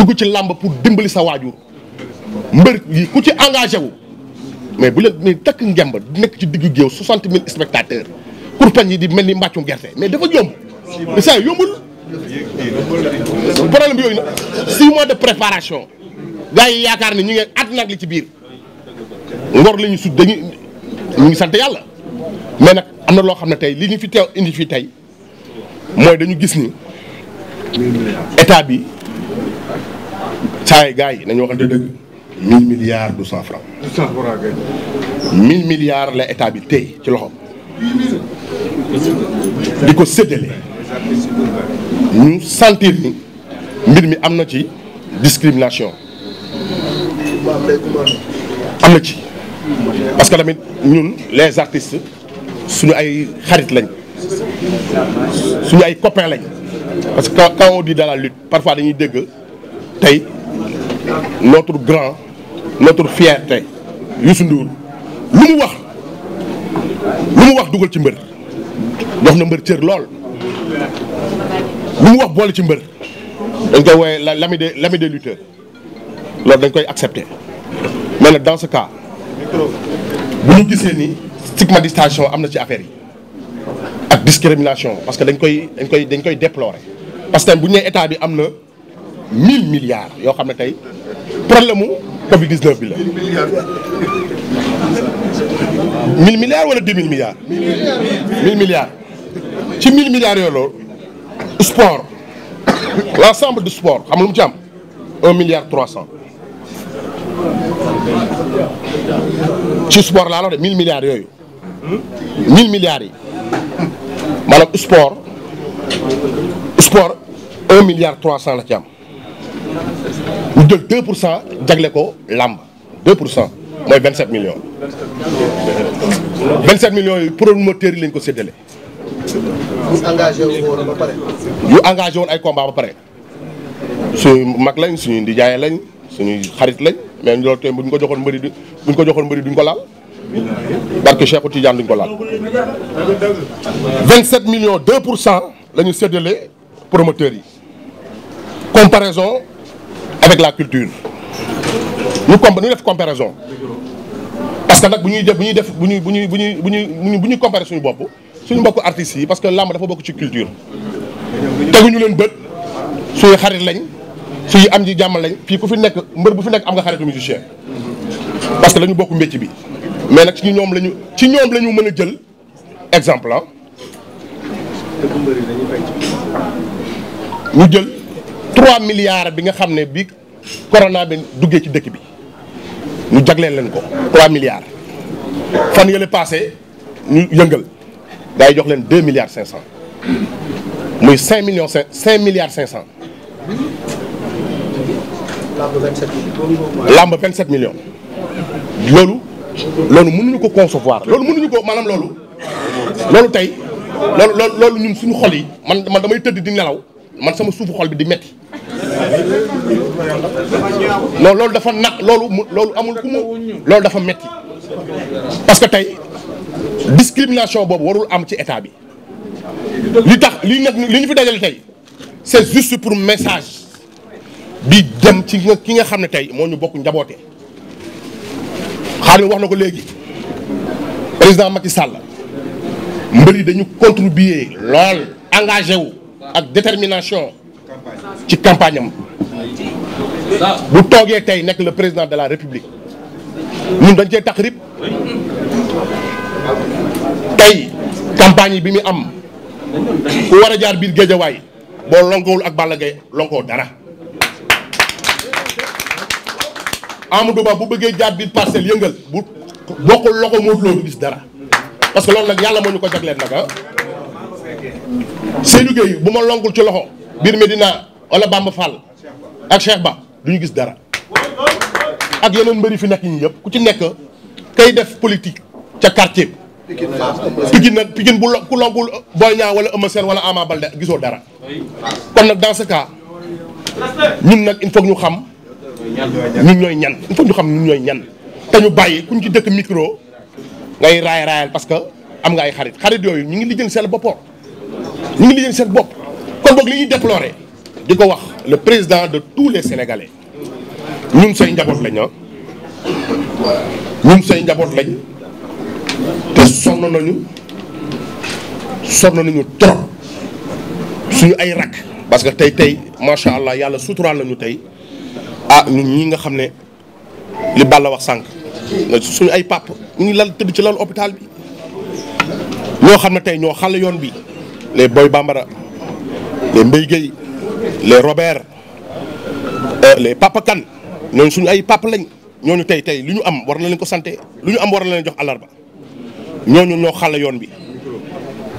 dugg ci làmb pour dimbali sa waajur mbër yi ku ci engagé wu mais bu leen mais takk ngemb nekk ci diggu géew soixante mille spectateurs pour pañ yi di mel ni mbàccum gerte mais dafa yomb saa yombul problème bi na six de préparation gars yi yaakaar ni ñu ngi at nag li ci biir ngor lañu ñu sut dañu ñu ngi sant yàlla mais nag am na loo xam ne tey li ñu fi teew indi fii tey mooy dañu gis ni état bi saay gars yi nañu waxante dëgg mille milliards deux cent francs mille milliards la état bi tey ci loxo di ko séddale ñu sentir ni mbir mi am na ci discrimination am na ci parce que tamit ñun les artistes suñu ay xarit lañ suñu ay copains lañ parce que quand on dit dans la parfois dañuy dégg tey notre grand notre fierté Youssou Ndour lu mu wax lu mu wax dugal ci mbër jox na mbër cër lool lu mu wax boole ci mbër dañ koy wooye la des l'ami des lutteurs loolu dañ koy accepter mais nag dans ce cas bu ñu gisee ni stigmatisation am na ci affaire yi ak discrimination parce que dañ koy dañ koy dañ koy déplorer parce que bu ñu état bi am na mille milliards yoo xam ne tey problème mu Covid 19 bi la. mille milliards wala deux mille milliards. mille milliards. ci mille milliards yooyu loolu sport l'ensemble du sport xam lu mu ci am un milliard trois cent. ci sport laa la wax de mille yooyu. mille milliards yi maanaam sport sport un milliard trois cent la ci am. ñu jël 2 pour cent jagle ko làmb 2 pour cent mooy 27 millions. 27 millions yi promoteurs yi lañ ko séddale. ñu engagé wu woon engagé woon ay combat ba pare su mag lañ suñu ndijaay lañ suñuy xarit lañ mais loolu tamit bu ñu ko joxoon mbari du bu ko joxoon mbëri duñ ko laal. barke Cheikhou Tidiane duñ ko laal. 27 millions de pour cent la ñu séddale promoteurs yi comparaison. avec la culture ñu comp ñu def comparaison que nag bu ñuy def ñuy def bu ñuy bu ñuy bu ñuy bu ñuy comparer suñu bopp suñu mbokk artistes yi parce que làmb dafa bokk ci culture teguñu leen bët suñu xarit lañ suñu am ji jàmm lañ fii ku fi nekk mbër bu fi nekk am nga xaritu musicien parce que dañu bokk mbécc bi mais nag ci ñoom lañu ci ñoom la mën a jël exemple ah ñu jël 3 milliards bi nga xam ne bi corona bi duggee ci dëkk bi ñu jagleel leen ko 3 milliards fan yële passé ñu yëngal gaa jox leen 2 milliards cent muy 5 millions 5 5 milliards 500. lamb 27 millions. lamb 27 millions loolu. loolu mënuñu ko concevoir loolu mënuñu ko maanaam loolu loolu tey loolu loolu ñun suñu xol yi man man damay tëdd di nelaw man sama suufu xol bi di metti non loolu dafa na loolu loolu amul ku mu loolu dafa metti parce que tey discrimination boobu warul am ci état bi li tax li nag li ñu fi dajale tey c'est juste pour message bi dem ci nga ki nga xam ne tey moo ñu bokk njaboote xaaral wax na ko léegi président Macky Sall mbër yi dañu contribuer lool engagé wu ak détermination ci campagne am bu toogee tey nekk la président de la république ñun dañ cee tax rib tey campagne yi bi muy am ku war a jaar biir géejawaay boo lonkoowul ak Balla Gaye lonkoo dara Amadou Ba bu bëggee jaar biir parcelle yëngal bu bokkul loko Modou Lo gis dara parce que loolu nag yàlla moo ñu ko jagleel nag ah Seydou Gueye bu ma lonkul ci loxo biir Medina wala Bamba Fall ak Cheikh Ba lu ñu gis dara ak yeneen mbëri fi nekk ñi yëpp ku ci nekk kay def politique ca quartier bi Pikine nag Pikine bu ku lonkul Boy Niang wala Eumeu Sène wala Ama Baldé gisoo dara kon nag dans ce ñun nag il faut ñu xam ñu ñooy ñan il faut ñu xam ñun ñooy ñan te ñu bàyyi kuñ ci dëkk micro ngay raay raayal parce que am nga ay xarit xarit yooyu ñu ngi lijjanti seen boppoo ñu ngi lijjanti seen bopp kon boog li ñuy déplorer di ko wax le président de tous les sénégalais ñun say njaboot lañ ah ñun say njaboot lañ te sonn nañu sonn nañu trop suñu ay rakk. parce que tey tey macha allah yàlla suturaal nañu tey ah ñun ñi nga xam ne li Balla wax sànq suñu ay pàpp ñu ngi lal tëdd ci lal hôpital bi ñoo xam ne tey ñoo xale yoon bi les boy bambara. les Mbaye Guèye les Robert euh, les Papa Kane ñooñu suñu ay papa lañ ñooñu tey tey lu ñu am war na leen ko sante lu ñu am war na leen jox àllarba ñooñu ñoo xàll yoon bi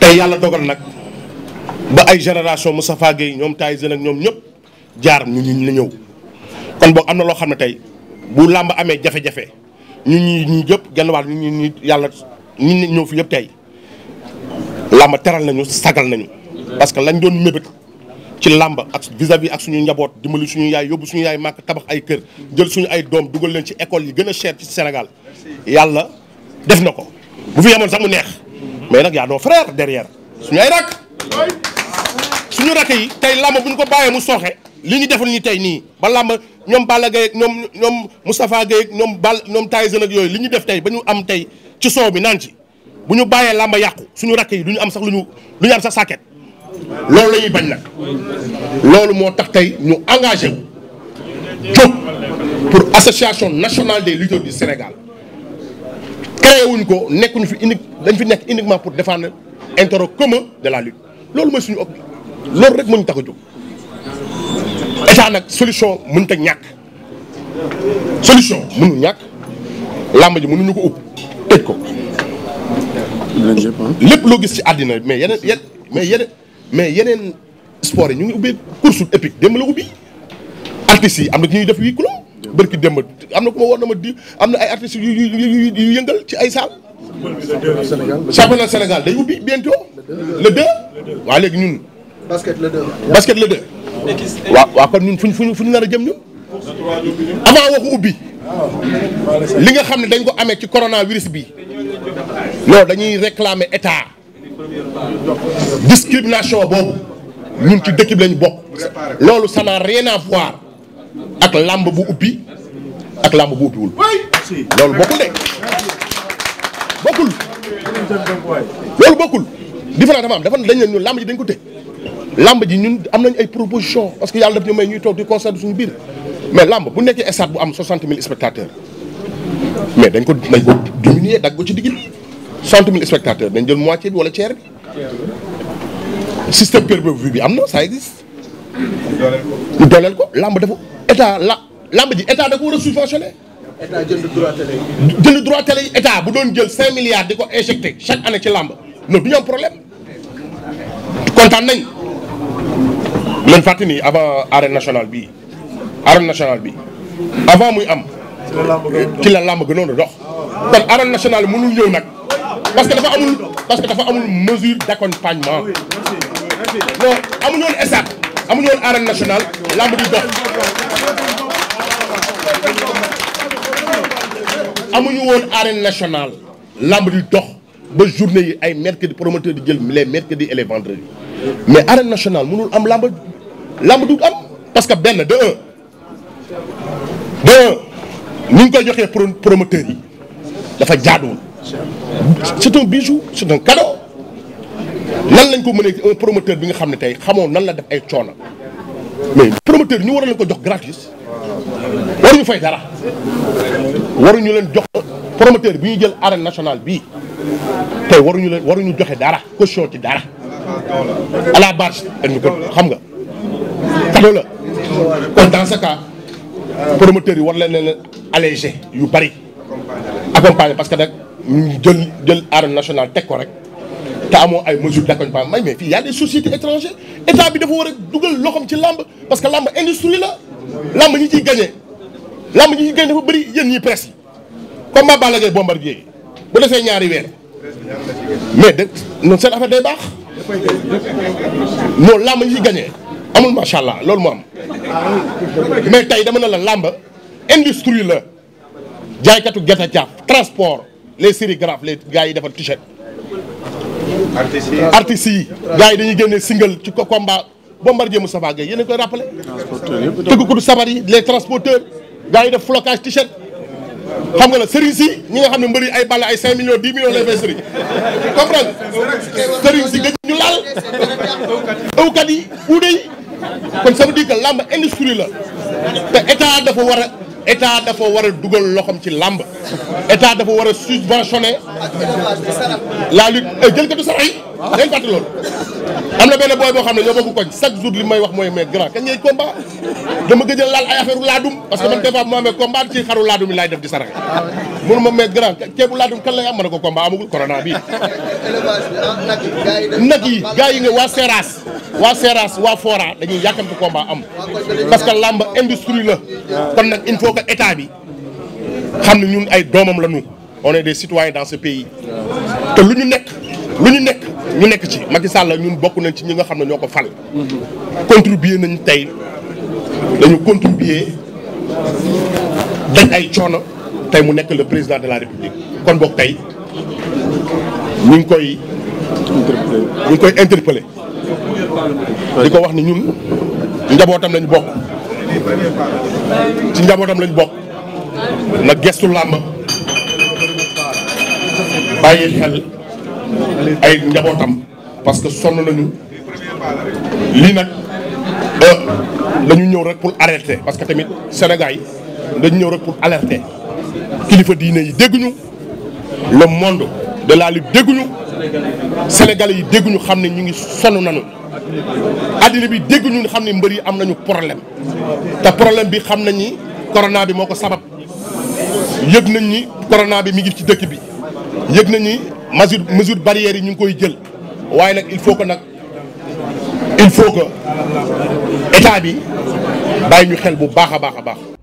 tey yàlla dogal nag ba ay génération Moustapha Guèye ñoom Taïzen ak ñoom ñëpp jaar ñu ñu la ñëw kon boog am na loo xam ne tey bu làmb amee jafe-jafe ñu ñi ñu yëpp genn wàll ñu ñu yàlla ñu ñëw fi yëpp tey làmb teral nañu sagal nañu parce que lañ doon mébét ci làmb ak vis-à-vis ak suñu njaboot dimbali suñu yaay yóbbu suñu yaay màkk tabax ay kër jël suñu ay doom dugal leen ci école yi gën a cher ci Sénégal yàlla def na ko bu fi yemoon sax mu neex mais nag yaa doo frère derrière suñu ay rakk suñu rakk yi tey làmb bu ñu ko bàyyee mu soxe li ñu defal ñu tey nii ba làmb ñoom Balla Gaye ak ñoom ñoom Moustapha ñoom Bal ñoom Tyson ak yooyu li ñu def tey ba ñu am tey ci soow bi naan ci bu ñu bàyyee làmb yàqu suñu rakk yi du am sax lu ñu lu ñu am sax sàkket loolu la ñuy bañ nag loolu moo tax tey ñu engagé wu jóg pour association nationale des lutteurs du Sénégal créé wuñ ko nekkuñu fi unique dañ fi nekk uniquement pour défendre intérêt commun de la lutte loolu mooy suñu ëpp loolu rek moo ñu tax nag solution mënut a solution mënul ñàkk làmb ji mënuñu ko upp tëj ko lépp loo gis ci àddina mais yeneen yeneen mais yeneen mais yeneen sport yi ñu ngi ubbi course épique démb la ubbi artistes yi am na ñuy def huis clos bërki démb am na ku ma na ma di am na ay artistes yu yu yu yëngal ci ay salle. championnat Sénégal dañ ubbi bientôt. le 2 waa léegi ñun. basket le 2. basket le 2. kon ñun fuñ fuñ fuñ nar a jëm ñun. avant waxu ubbi. Ah. li nga xam ne dañ ko amee ci coronavirus bi. non dañuy réclamer état. discrimination boobu ñun ci dëkk bi lañ bokk loolu ça n'a rien à ak làmb bu ubbi ak làmb bu ubbiwul loolu bokkul de bokkul loolu bokkul différence dafa am dañ leen ñun làmb ji dañ ko tëj làmb ji ñun am nañ ay proposition parce que yàlla daf ñu may ñuy toog di concert suñu biir mais làmb bu nekkee stade bu am soixante mille spectateurs mais dañ ko dañ ko dagg ko ci digg soixante mille spectateurs dañ jël moitié bi wala tiers bi système per view bi am na ça existe ñu dooleel ko lamb dafa état la làmb ji état da ko war a subventionné état jënd droit état bu doon jël cinq milliards de ko injecté chaque année ci làmb loolu du ñu am problème kontaan nañ leen fàttali ni avant arène nationale bii arène nationale bi avant muy am ci la lamb gënoon a dox kon arène nationale mënul ñëw nag parce que dafa amul parce que dafa amul mesure d'accompagnement ah non amuñu woon esat amuñu woon arène lamb di dox amuñu woon arène national lamb di dox ba journée yi ay mercredi promoteur di jël les mercredis et les vendredis mais arène nationale mënul am lamb lamb du am parce que benn de un de un ni promoteur yi dafa jaaduwul c'est un bijou c'est un cadeau nan lañ ko mënee un promoteur bi nga xam ne tey xamoon nan la def ay coono mais promoteur ñu war leen ko jox gratis waruñu fay dara waruñu leen jox promoteur bi ñu jël arène nationale bii tey waruñu leen ñu joxe dara caution ci dara à la base dañu xam nga cadeau la kon dans ce cas promoteurs yi war leen leen allégé yu bari accompagné parce que da ñu jël jël arène national teg ko rek te amoo ay mesures d'accompagnement may mais fii y a des sociétés état bi dafa war a dugal loxoom ci làmb parce que làmb industrie la làmb ñi ciy gañe làmb ñi ciy gagné dafa bëri yéen ñii presse yi comme maa Balla Gaye bombardier bu defee ñaari weer mais de non seen affaire day baax non làmb ñi ciy gagné amul macha allah loolu moo am mais tey dama na la làmb industrie la jaaykatu gerte caaf transport les sérigraphes les gars yi defar t-shirt artistes yi gars yi dañuy génne single ci ko combat Bombardier Moustapha Gueye yéen a koy rappelé tëggkod sabar yi les transporteurs gaa yi def flocage t-shirt xam nga la sëriñ si ñi nga xam ne mbëri ay ball ay 5 millions di millions lay fay sëriñ comprendre sëriñ si gëj ñu laal yi uude yi kon ça veut dire que la te état dafa war état dafa war a dugal loxoom ci làmb état dafa war a subventionner la lutte euh, jël ko du sarax yi dañ fàtte loolu am na benn booy boo xam ne ñoo bokk koñ chaque jour li may wax mooy mais grand kañ ngay combat dama gëj laal ay affaire laadum parce que ah man des fois bu ma amee ci xaru laadum yi laay def di saraxe ah mënu ma mais grand ceebu laadum kan am mën a ko combat amagul corona bi ah, nag yi gars yi nga waa waa seeraas waa dañuy yàkkamti combat am parce que lamb industrie la kon nag il faut que état bi xam ne ñun ay doomam la ñu on est des dans ce pays te lu ñu nekk ñu nekk ci Macky Sall ñun bokk nañ ci ñi nga xam ne ñoo ko fal. contribuer nañ tey dañu contribuer dañ ay coono tey mu nekk le président de la république kon boog tey ñu ngi koy. ñu koy interpellé. li ko wax ni ñun njabootam lañ bokk ci njabootam lañ bokk na gestu làmb bàyyi xel. ay njabootam parce que sonn nañu lii nag euh, dañu ñëw rek pour alerter parce que tamit Sénégal yi dañu ñëw rek pour alerter kilifa diine yi dégguñu le monde de la lutte dégguñu sénégalais yi dégguñu xam ne ñu ngi sonn nañu. addina bi dégguñu xam ni mbër yi am nañu problème te problème bi xam nañ ni corona bi moo ko sabab yëg nañ ni corona bi mi ngi ci dëkk bi yëg nañ mesure mesure barrière yi ñu ngi koy jël waaye nag il faut que nag il faut que état bi bàyyi ñu xel bu baax a baax a baax.